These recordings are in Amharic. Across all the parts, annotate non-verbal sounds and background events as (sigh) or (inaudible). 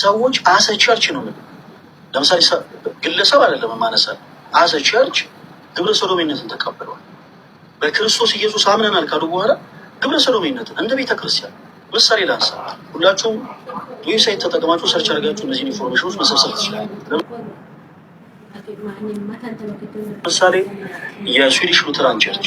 ሰዎች አሰ ቸርች ነው ምግብ ለምሳሌ ግለሰብ አይደለም ማነሳ አሰ ቸርች ግብረ ሰዶሜነትን ተቀብለዋል። በክርስቶስ ኢየሱስ አምነናል ካሉ በኋላ ግብረ ሰዶሜነትን እንደ ቤተ ክርስቲያን ምሳሌ ላንሳ። ሁላችሁም ዌብሳይት ተጠቅማችሁ ሰርች አድርጋችሁ እነዚህን ኢንፎርሜሽኖች መሰብሰብ ትችላል። ምሳሌ የስዊዲሽ ሉትራን ቸርች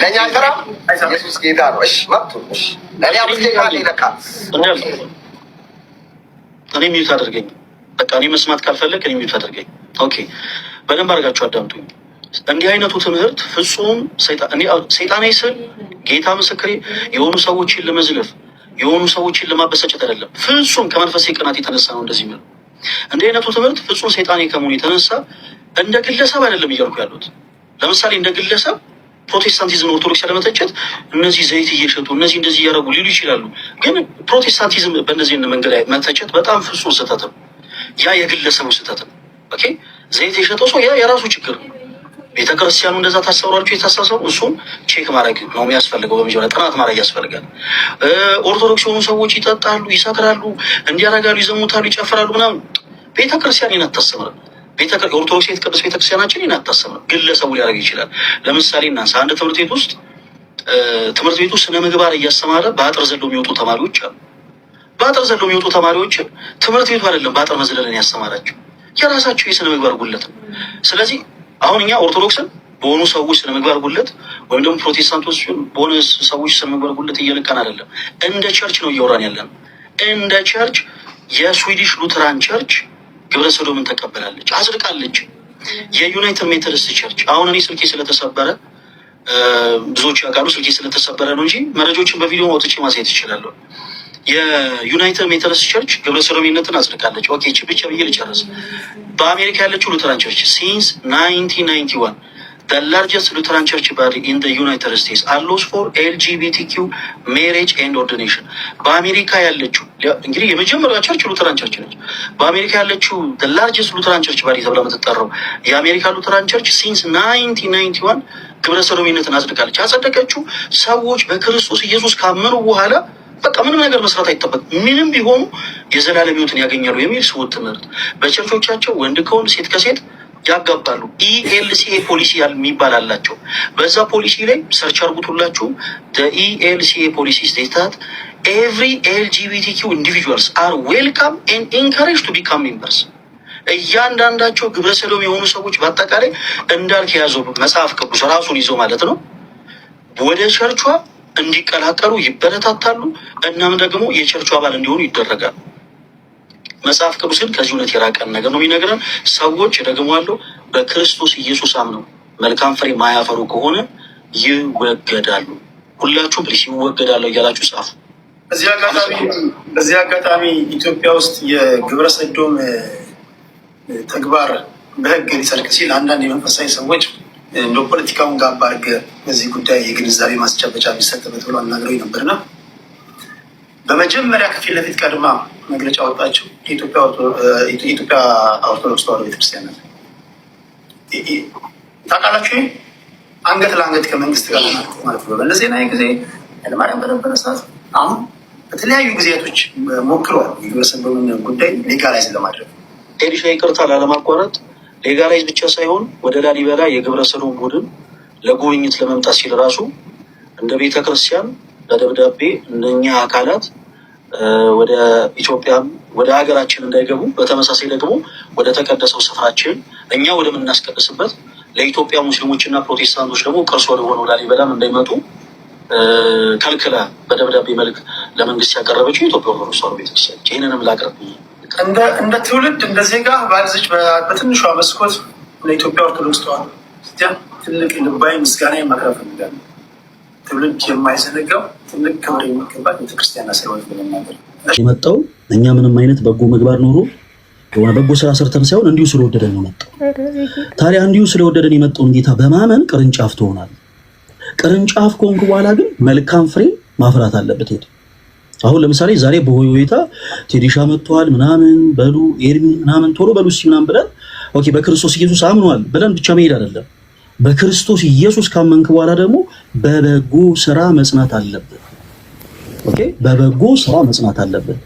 ለእኛ ስራ ኢየሱስ ጌታ ነው። እሺ መብቱ ለእኔ አምስት ጌታ ሌለካ እኔ ሚዩት አድርገኝ። በቃ እኔ መስማት ካልፈለግ እኔ ሚዩት አድርገኝ። ኦኬ በደንብ አድርጋችሁ አዳምጡኝ። እንዲህ አይነቱ ትምህርት ፍጹም ሰይጣን ጌታ ምስክሬ የሆኑ ሰዎችን ለመዝለፍ የሆኑ ሰዎችን ለማበሳጨት አይደለም። ፍጹም ከመንፈሴ ቅናት የተነሳ ነው እንደዚህ ምለው። እንዲህ አይነቱ ትምህርት ፍጹም ሰይጣኔ ከመሆኑ የተነሳ እንደ ግለሰብ አይደለም እያልኩ ያሉት። ለምሳሌ እንደ ግለሰብ ፕሮቴስታንቲዝም ኦርቶዶክስ ያለመተቸት እነዚህ ዘይት እየሸጡ እነዚህ እንደዚህ እያደረጉ ሊሉ ይችላሉ። ግን ፕሮቴስታንቲዝም በእነዚህ መንገድ መተቸት በጣም ፍጹም ስህተት ነው። ያ የግለሰቡ ስህተት ነው። ዘይት የሸጠው ሰው ያ የራሱ ችግር ነው። ቤተክርስቲያኑ እንደዛ ታሰብሯቸው የታሳሰቡ እሱም ቼክ ማድረግ ነው የሚያስፈልገው። በመጀመሪያ ጥናት ማድረግ ያስፈልጋል። ኦርቶዶክስ የሆኑ ሰዎች ይጠጣሉ፣ ይሰክራሉ፣ እንዲያረጋሉ፣ ይዘሙታሉ፣ ይጨፍራሉ ምናምን ቤተክርስቲያን ይነት ይናት ኦርቶዶክስ የተቀደሰ ቤተክርስቲያናችን ይህን ነው። ግለሰቡ ሊያደርግ ይችላል። ለምሳሌ እናንሳ። አንድ ትምህርት ቤት ውስጥ ትምህርት ቤቱ ስነ ምግባር እያስተማረ በአጥር ዘሎ የሚወጡ ተማሪዎች አሉ። በአጥር ዘሎ የሚወጡ ተማሪዎችን ትምህርት ቤቱ አይደለም በአጥር መዝለልን ያስተማራቸው የራሳቸው የስነ ምግባር ጉለት ነው። ስለዚህ አሁን እኛ ኦርቶዶክስን በሆኑ ሰዎች ስነ ምግባር ጉለት ወይም ደግሞ ፕሮቴስታንቶች በሆነ ሰዎች ስነ ምግባር ጉለት እየነቃን አይደለም። እንደ ቸርች ነው እያወራን ያለን። እንደ ቸርች የስዊዲሽ ሉትራን ቸርች ግብረ ሰዶምን ተቀበላለች፣ አጽድቃለች። የዩናይትድ ሜተርስ ቸርች አሁን እኔ ስልኬ ስለተሰበረ ብዙዎች ያውቃሉ፣ ስልኬ ስለተሰበረ ነው እንጂ መረጃዎችን በቪዲዮ አውጥቼ ማሳየት እችላለሁ። የዩናይትድ ሜተርስ ቸርች ግብረ ሰዶሜነትን አጽድቃለች። ኦኬ ች ብቻ ብዬ ልጨርስ። በአሜሪካ ያለችው ሉተራን ቸርች ሲንስ ናይንቲን ናይንቲ ዋን the largest Lutheran church body in the United States allows for በአሜሪካ ያለችው እንግዲህ የመጀመሪያ ቸርች ሉተራን ቸርች ነች። በአሜሪካ ያለችው ላርጅስት ሉተራን ቸርች ባሪ ተብላ የምትጠራው የአሜሪካ ሉተራን ቸርች ሲንስ ናይንቲን ናይንቲ ዋን ግብረ ሰዶሚነትን አጽድቃለች። ያጸደቀችው ሰዎች በክርስቶስ ኢየሱስ ካመኑ በኋላ በቃ ምንም ነገር መስራት አይጠበቅ፣ ምንም ቢሆኑ የዘላለም ሕይወትን ያገኛሉ የሚል ስውር ትምህርት በቸርቾቻቸው ወንድ ከወንድ ሴት ከሴት ያጋባሉ። ኢኤልሲኤ e ፖሊሲ የሚባል አላቸው። በዛ ፖሊሲ ላይ ሰርች አርጉቱላችሁ። ኢኤልሲኤ e ፖሊሲ ስቴታት ኤቭሪ ኤልጂቢቲኪ ኢንዲቪጁዋልስ አር ዌልካም ኤንድ ኢንካሬጅ ቱ ቢካም ሜምበርስ። እያንዳንዳቸው ግብረ ሰዶም የሆኑ ሰዎች በአጠቃላይ እንዳልክ የያዘው መጽሐፍ ቅዱስ ራሱን ይዞ ማለት ነው ወደ ቸርቿ እንዲቀላቀሉ ይበረታታሉ። እናም ደግሞ የቸርቹ አባል እንዲሆኑ ይደረጋል። መጽሐፍ ቅዱስ ግን ከዚህ እውነት የራቀን ነገር ነው የሚነግረን። ሰዎች ደግሟሉ በክርስቶስ ኢየሱስ አምነው መልካም ፍሬ ማያፈሩ ከሆነ ይወገዳሉ። ሁላችሁ ብሊስ ይወገዳለሁ እያላችሁ ጻፉ። በዚህ አጋጣሚ አጋጣሚ ኢትዮጵያ ውስጥ የግብረ ሰዶም ተግባር በህግ ሊጸድቅ ሲል አንዳንድ የመንፈሳዊ ሰዎች እንደ ፖለቲካውን ጋባ አድርገህ በዚህ ጉዳይ የግንዛቤ ማስጨበጫ የሚሰጥበት ብሎ አናግረው ነበርና በመጀመሪያ ከፊት ለፊት ቀድማ መግለጫ ወጣችው የኢትዮጵያ ኦርቶዶክስ ተዋሕዶ ቤተክርስቲያን ናት። ታውቃላችሁ፣ አንገት ለአንገት ከመንግስት ጋር ማለት ነው። በመለስ ዜናዊ ጊዜ ለማርያም በነበረ ሰዓት፣ አሁን በተለያዩ ጊዜያቶች ሞክረዋል የግብረሰዶምን ጉዳይ ሌጋላይዝ ለማድረግ ቴሪሻ ይቅርታ ላለማቋረጥ ሌጋላይዝ ብቻ ሳይሆን ወደ ላሊበላ የግብረሰዶም ቡድን ለጉብኝት ለመምጣት ሲል ራሱ እንደ ቤተክርስቲያን በደብዳቤ እነኛ አካላት ወደ ኢትዮጵያ ወደ ሀገራችን እንዳይገቡ በተመሳሳይ ደግሞ ወደ ተቀደሰው ስፍራችን እኛ ወደምናስቀድስበት ለኢትዮጵያ ሙስሊሞች ሙስሊሞችና ፕሮቴስታንቶች ደግሞ ቅርስ ወደሆነው ላሊበላም እንዳይመጡ ከልክለ በደብዳቤ መልክ ለመንግስት ያቀረበችው የኢትዮጵያ ኦርቶዶክስ ተዋሕዶ ቤተክርስቲያን ይህንንም ላቅርብ። እንደ ትውልድ እንደ ዜጋ ባልዝጅ በትንሿ መስኮት ለኢትዮጵያ ኦርቶዶክስ ተዋሕዶ ቤተክርስቲያን ትልቅ ልባዊ ምስጋና የማቅረብ እንጋለ ትውልድ የማይዘነጋው ትልቅ ክብር የሚገባት ቤተክርስቲያን ስለሆነች ብለናገር የመጣው እኛ ምንም አይነት በጎ ምግባር ኖሮ የሆነ በጎ ስራ ሰርተን ሳይሆን እንዲሁ ስለወደደን ነው መጣው። ታዲያ እንዲሁ ስለወደደን የመጣውን ጌታ በማመን ቅርንጫፍ ትሆናል። ቅርንጫፍ ከሆንክ በኋላ ግን መልካም ፍሬ ማፍራት አለበት። ሄድ አሁን ለምሳሌ ዛሬ በሆይ ሁኔታ ቴዲሻ መጥተዋል ምናምን በሉ ኤርሚ ምናምን ቶሎ በሉ እስኪ ምናምን ብለን ኦኬ በክርስቶስ ኢየሱስ አምኗል ብለን ብቻ መሄድ አይደለም በክርስቶስ ኢየሱስ ካመንክ በኋላ ደግሞ በበጎ ስራ መጽናት አለብን። ኦኬ፣ በበጎ ስራ መጽናት አለብን።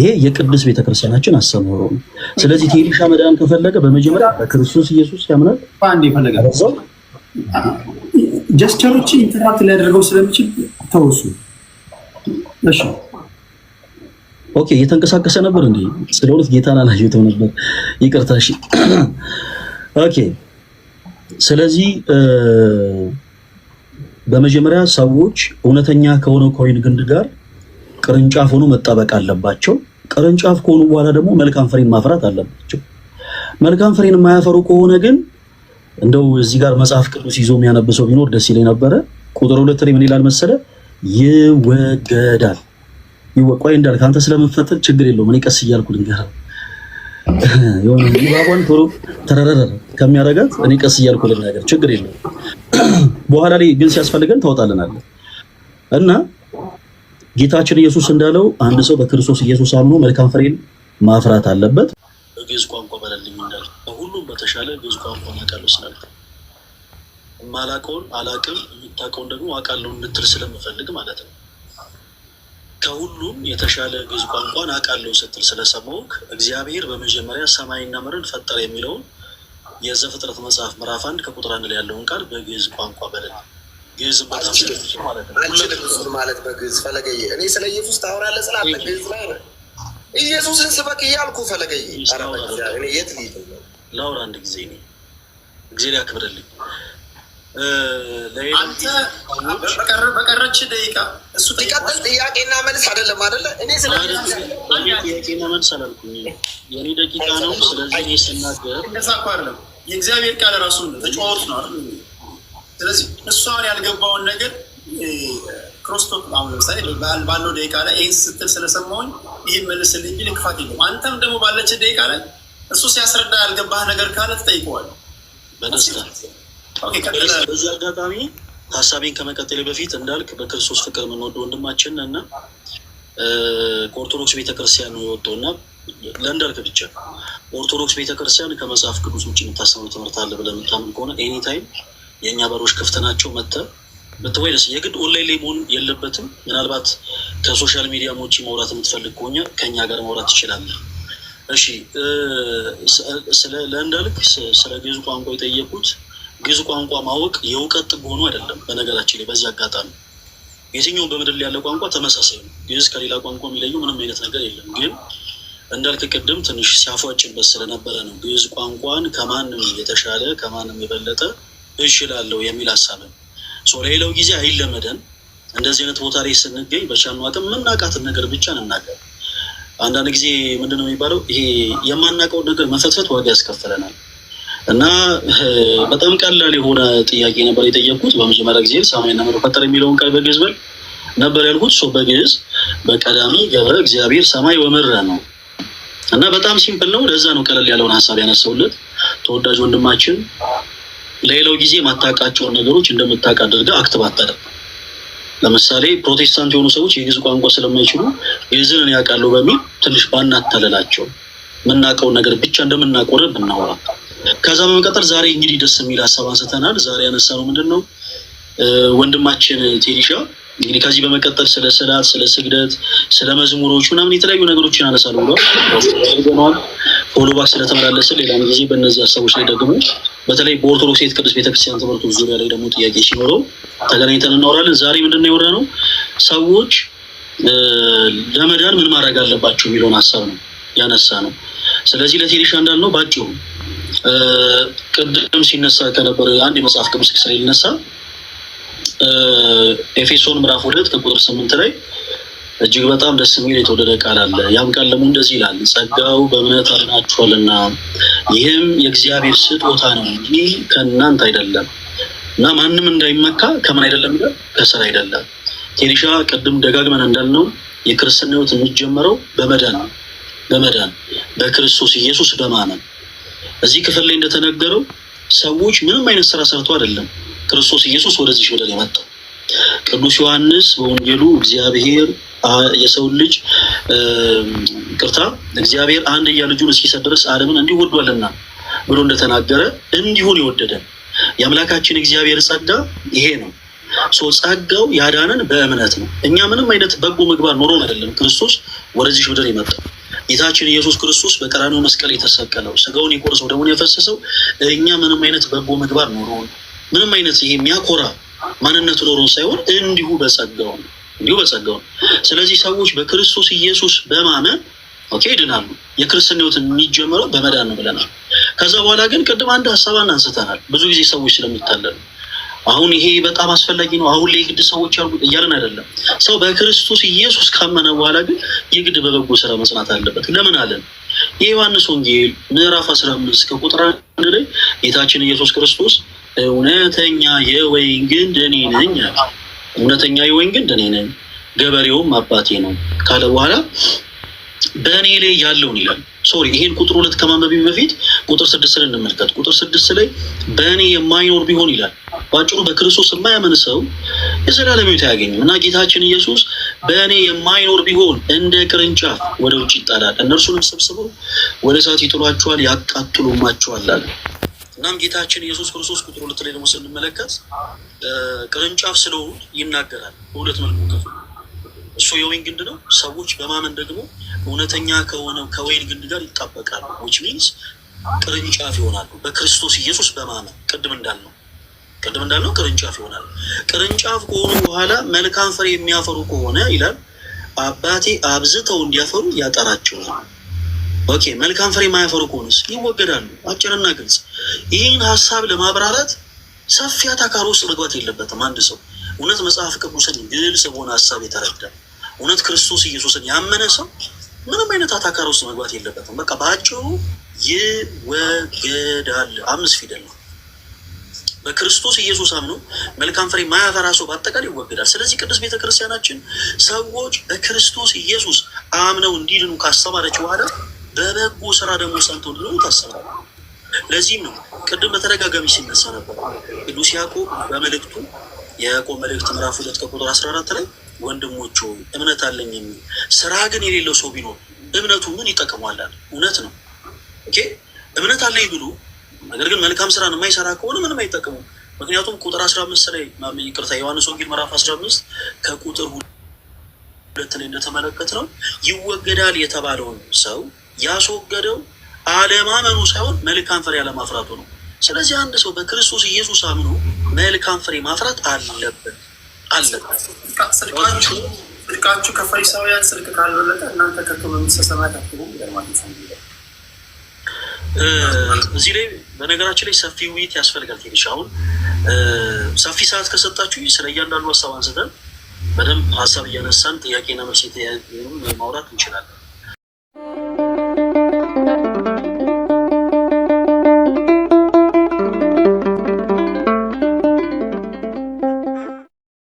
ይሄ የቅዱስ ቤተክርስቲያናችን አስተምህሮ ነው። ስለዚህ ቴዲሻ መዳን ከፈለገ በመጀመሪያ በክርስቶስ ኢየሱስ ያምናል። አንድ የፈለገ ጀስቸሮች ኢንተራክት ሊያደርገው ስለሚችል ተወሱ። እሺ ኦኬ፣ እየተንቀሳቀሰ ነበር እንዴ? ስለሁለት ጌታን አላየሁትም ነበር። ይቅርታ። እሺ (clears throat) ኦኬ ስለዚህ በመጀመሪያ ሰዎች እውነተኛ ከሆነው ኮይን ግንድ ጋር ቅርንጫፍ ሆኖ መጣበቅ አለባቸው። ቅርንጫፍ ከሆኑ በኋላ ደግሞ መልካም ፍሬን ማፍራት አለባቸው። መልካም ፍሬን የማያፈሩ ከሆነ ግን እንደው እዚህ ጋር መጽሐፍ ቅዱስ ይዞ የሚያነብሰው ቢኖር ደስ ይለኝ ነበረ። ቁጥር ሁለት ላይ ምን ይላል መሰለ? ይወገዳል። ይወቋይ እንዳል አንተ ስለምንፈጥር ችግር የለውም እኔ ቀስ እያልኩ ልንገርህ የሆነ ንባቧን ቶሎ ተረረረ ከሚያረጋት እኔ ቀስ እያልኩ ልናገር፣ ችግር የለውም። በኋላ ላይ ግን ሲያስፈልገን ታወጣልናለህ እና ጌታችን ኢየሱስ እንዳለው አንድ ሰው በክርስቶስ ኢየሱስ አምኖ መልካም ፍሬን ማፍራት አለበት። በግዕዝ ቋንቋ በለልኝ እንዳለ ከሁሉም በተሻለ ግዕዝ ቋንቋ ማቃሉ ስላልክ የማላውቀውን አላውቅም የምታውቀውን ደግሞ አውቃለሁ እንድትል ስለምፈልግ ማለት ነው ከሁሉም የተሻለ ግዕዝ ቋንቋን አውቃለሁ ስትል ስለሰማሁህ እግዚአብሔር በመጀመሪያ ሰማይና ምድርን ፈጠረ የሚለውን የዘፍጥረት መጽሐፍ ምዕራፍ አንድ ከቁጥር አንድ ላይ ያለውን ቃል በግዕዝ ቋንቋ በለ ግዕዝ በጣም ማለት በግዕዝ ፈለገዬ፣ እኔ ስለ ኢየሱስ ታወራለህ ስላለ ግዕዝ ላይ ኢየሱስን ስበክ እያልኩ ፈለገዬ። ኧረ በእግዚአብሔር እኔ የት ላውራ? አንድ ጊዜ እኔ እግዜር ያክብርልኝ። በቀረች ደቂቃ እሱ ሲቀጥል ጥያቄና መልስ አይደለም አይደለ? እኔ ጥያቄና መልስ አላልኩም። የእኔ ደቂቃ ነው። ስለዚህ ስናገር እንደዛ እኮ አይደለም። የእግዚአብሔር ቃል ራሱ ተጫዋወት ነው። ስለዚህ እሷን ያልገባውን ነገር ክርስቶስ አሁን ለምሳሌ ባለው ደቂቃ ላይ ይህን ስትል ስለሰማሁኝ ይህን መልስልኝ እንጂ ክፋት የለውም። አንተም ደግሞ ባለች ደቂቃ ላይ እሱ ሲያስረዳ ያልገባህ ነገር ካለ ትጠይቀዋለህ በደስታ በዚህ አጋጣሚ ሀሳቤን ከመቀጠሌ በፊት እንዳልክ በክርስቶስ ፍቅር የምንወደው ወንድማችን እና ከኦርቶዶክስ ቤተክርስቲያን ነው የወጣው እና ለእንዳልክ ብቻ ኦርቶዶክስ ቤተክርስቲያን ከመጽሐፍ ቅዱስ ውጭ የምታስተምረው ትምህርት አለ ብለህ የምታምን ከሆነ ኤኒታይም የእኛ በሮች ክፍት ናቸው። መጥተህ ብትወይ ደስ የግድ ኦንላይን ላይ መሆን የለበትም። ምናልባት ከሶሻል ሚዲያ ውጭ ማውራት የምትፈልግ ከሆኛ ከእኛ ጋር ማውራት ትችላለህ። እሺ፣ ለእንዳልክ ስለ ግዕዝ ቋንቋ የጠየቁት ግዕዝ ቋንቋ ማወቅ የእውቀት ጥግ ሆኖ አይደለም። በነገራችን ላይ በዚህ አጋጣሚ የትኛውም በምድር ላይ ያለ ቋንቋ ተመሳሳይ ነው። ግዕዝ ከሌላ ቋንቋ የሚለየው ምንም አይነት ነገር የለም። ግን እንዳልክ ቅድም ትንሽ ሲያፏጭበት ስለነበረ ነው ግዕዝ ቋንቋን ከማንም የተሻለ ከማንም የበለጠ እችላለሁ የሚል ነው። ሌላው ጊዜ አይለመደን እንደዚህ አይነት ቦታ ላይ ስንገኝ በቻልነው አቅም የምናውቃትን ነገር ብቻ እንናገር። አንዳንድ ጊዜ ምንድነው የሚባለው ይሄ የማናቀው ነገር መፈትፈት ዋጋ ያስከፍለናል። እና በጣም ቀላል የሆነ ጥያቄ ነበር የጠየቅኩት። በመጀመሪያ ጊዜ ሰማይና ምድር ፈጠረ የሚለውን ቃል በግዕዝ በል ነበር ያልኩት። ሶ በግዕዝ በቀዳሚ ገብረ እግዚአብሔር ሰማይ ወምድረ ነው እና በጣም ሲምፕል ነው። ለዛ ነው ቀለል ያለውን ሀሳብ ያነሳውለት ተወዳጅ ወንድማችን። ለሌላው ጊዜ ማታውቃቸውን ነገሮች እንደምታውቅ አድርገህ አክትባታለ። ለምሳሌ ፕሮቴስታንት የሆኑ ሰዎች የግዕዝ ቋንቋ ስለማይችሉ ግዕዝን እኔ ያውቃለሁ በሚል ትንሽ ባናታለላቸው የምናውቀውን ነገር ብቻ እንደምናቆረ ብናወራ ከዛ በመቀጠል ዛሬ እንግዲህ ደስ የሚል ሀሳብ አንስተናል። ዛሬ ያነሳነው ምንድን ነው ወንድማችን ቴዲሻ እንግዲህ ከዚህ በመቀጠል ስለ ስላት፣ ስለ ስግደት፣ ስለ መዝሙሮች ምናምን የተለያዩ ነገሮችን አነሳሉ ብሏል። ሆሎባ ስለተመላለሰ ሌላም ጊዜ በእነዚህ ሀሳቦች ላይ ደግሞ በተለይ በኦርቶዶክስ ቤተ ቅዱስ ቤተክርስቲያን ትምህርቱ ዙሪያ ላይ ደግሞ ጥያቄ ሲኖረው ተገናኝተን እናወራለን። ዛሬ ምንድን ነው ነው? ሰዎች ለመዳን ምን ማድረግ አለባቸው የሚለውን ሀሳብ ነው ያነሳ ነው። ስለዚህ ለቴዲሻ እንዳልነው ባጭሩ ቅድም ሲነሳ ከነበረ አንድ የመጽሐፍ ቅዱስ ክፍል ይነሳ ኤፌሶን ምዕራፍ ሁለት ከቁጥር ስምንት ላይ እጅግ በጣም ደስ የሚል የተወደደ ቃል አለ። ያም ቃል ደግሞ እንደዚህ ይላል፣ ጸጋው በእምነት አድናችኋልና ይህም የእግዚአብሔር ስጦታ ነው እንጂ ከእናንተ አይደለም እና ማንም እንዳይመካ ከምን አይደለም ይላል፣ ከስራ አይደለም። ቴሪሻ ቅድም ደጋግመን እንዳልነው የክርስትና ሕይወት የሚጀመረው በመዳን በመዳን በክርስቶስ ኢየሱስ በማመን እዚህ ክፍል ላይ እንደተነገረው ሰዎች ምንም አይነት ስራ ሰርቶ አይደለም ክርስቶስ ኢየሱስ ወደዚህ ምድር የመጣው። ቅዱስ ዮሐንስ በወንጌሉ እግዚአብሔር የሰው ልጅ ቅርታ እግዚአብሔር አንድያ ልጁን እስኪሰጥ ድረስ ዓለምን እንዲሁ ወዷልና ብሎ እንደተናገረ እንዲሁን የወደደን የአምላካችን እግዚአብሔር ጸጋ ይሄ ነው። ሶ ጸጋው ያዳነን በእምነት ነው። እኛ ምንም አይነት በጎ ምግባር ኖሮን አይደለም ክርስቶስ ወደዚህ ምድር የመጣው። ጌታችን ኢየሱስ ክርስቶስ በቀራንዮ መስቀል የተሰቀለው ስጋውን የቆረሰው ደሙን የፈሰሰው እኛ ምንም አይነት በጎ ምግባር ኖሮን ምንም አይነት ይሄ የሚያኮራ ማንነት ኖሮን ሳይሆን እንዲሁ በጸጋው እንዲሁ በጸጋው። ስለዚህ ሰዎች በክርስቶስ ኢየሱስ በማመን ኦኬ ይድናሉ። የክርስትና ህይወት የሚጀምረው በመዳን ነው ብለናል። ከዛ በኋላ ግን ቅድም አንድ ሀሳብ አንስተናል። ብዙ ጊዜ ሰዎች ስለሚታለሉ አሁን ይሄ በጣም አስፈላጊ ነው፣ አሁን ላይ የግድ ሰዎች አሉ እያለን አይደለም። ሰው በክርስቶስ ኢየሱስ ካመነ በኋላ ግን የግድ በበጎ ስራ መጽናት አለበት። ለምን አለን? የዮሐንስ ወንጌል ምዕራፍ አስራ አምስት ከቁጥር አንድ ላይ ጌታችን ኢየሱስ ክርስቶስ እውነተኛ የወይን ግንድ እኔ ነኝ፣ እውነተኛ የወይን ግንድ እኔ ነኝ፣ ገበሬውም አባቴ ነው ካለ በኋላ በእኔ ላይ ያለውን ይላል። ሶሪ ይሄን ቁጥር ሁለት ከማንበቢ በፊት ቁጥር ስድስት ላይ እንመልከት። ቁጥር ስድስት ላይ በእኔ የማይኖር ቢሆን ይላል። በአጭሩ በክርስቶስ የማያምን ሰው የዘላለም ሕይወት አያገኝም እና ጌታችን ኢየሱስ በእኔ የማይኖር ቢሆን እንደ ቅርንጫፍ ወደ ውጭ ይጣላል፣ እነርሱንም ሰብስበው ወደ እሳት ይጥሏቸዋል፣ ያቃጥሉማቸዋል አለ። እናም ጌታችን ኢየሱስ ክርስቶስ ቁጥር ሁለት ላይ ደግሞ ስንመለከት ቅርንጫፍ ስለሆኑ ይናገራል በሁለት መልኩ እሱ የወይን ግንድ ነው። ሰዎች በማመን ደግሞ እውነተኛ ከሆነው ከወይን ግንድ ጋር ይጣበቃሉ። ዊች ሚንስ ቅርንጫፍ ይሆናሉ። በክርስቶስ ኢየሱስ በማመን ቅድም እንዳልነው ቅድም እንዳልነው ቅርንጫፍ ይሆናሉ። ቅርንጫፍ ከሆኑ በኋላ መልካም ፍሬ የሚያፈሩ ከሆነ ይላል አባቴ አብዝተው እንዲያፈሩ ያጠራቸዋል። ኦኬ መልካም ፍሬ የማያፈሩ ከሆነስ ይወገዳሉ። አጭርና ግልጽ። ይህን ሀሳብ ለማብራራት ሰፊ አታካሪ ውስጥ መግባት የለበትም። አንድ ሰው እውነት መጽሐፍ ቅዱስን ግልጽ በሆነ ሀሳብ የተረዳ እውነት ክርስቶስ ኢየሱስን ያመነ ሰው ምንም አይነት አታካር ውስጥ መግባት የለበትም። በቃ በአጭሩ ይወገዳል። አምስት ፊደል ነው። በክርስቶስ ኢየሱስ አምኖ መልካም ፍሬ ማያፈራ ሰው በአጠቃላይ ይወገዳል። ስለዚህ ቅዱስ ቤተ ክርስቲያናችን ሰዎች በክርስቶስ ኢየሱስ አምነው እንዲድኑ ካስተማረች በኋላ በበጎ ስራ ደግሞ ሰንተው እንዲኖሩ ታስባል። ለዚህም ነው ቅድም በተደጋጋሚ ሲነሳ ነበር ቅዱስ ያዕቆብ በመልእክቱ የያዕቆብ መልእክት ምዕራፍ ሁለት ከቁጥር አስራ አራት ላይ ወንድሞቹ እምነት አለኝ የሚል ስራ ግን የሌለው ሰው ቢኖር እምነቱ ምን ይጠቅሟላል? እውነት ነው። ኦኬ እምነት አለኝ ብሎ ነገር ግን መልካም ስራን የማይሰራ ከሆነ ምንም አይጠቅሙም። ምክንያቱም ቁጥር አስራ አምስት ላይ ይቅርታ ዮሐንስ ወንጌል ምዕራፍ አስራ አምስት ከቁጥር ሁለት ላይ እንደተመለከት ነው ይወገዳል የተባለውን ሰው ያስወገደው አለማመኑ ሳይሆን መልካም ፍሬ አለማፍራቱ ነው። ስለዚህ አንድ ሰው በክርስቶስ ኢየሱስ አምኖ መልካም ፍሬ ማፍራት አለበት። አለበት። ስልካችሁ ከፈሪሳውያን ስልክ ካልበለጠ እናንተ ከክብ የሚሰሰማት እዚህ ላይ በነገራችን ላይ ሰፊ ውይይት ያስፈልጋል። ትንሽ አሁን ሰፊ ሰዓት ከሰጣችሁ ስለ እያንዳንዱ ሀሳብ አንስተን በደንብ ሀሳብ እያነሳን ጥያቄና መልስ ማውራት እንችላለን።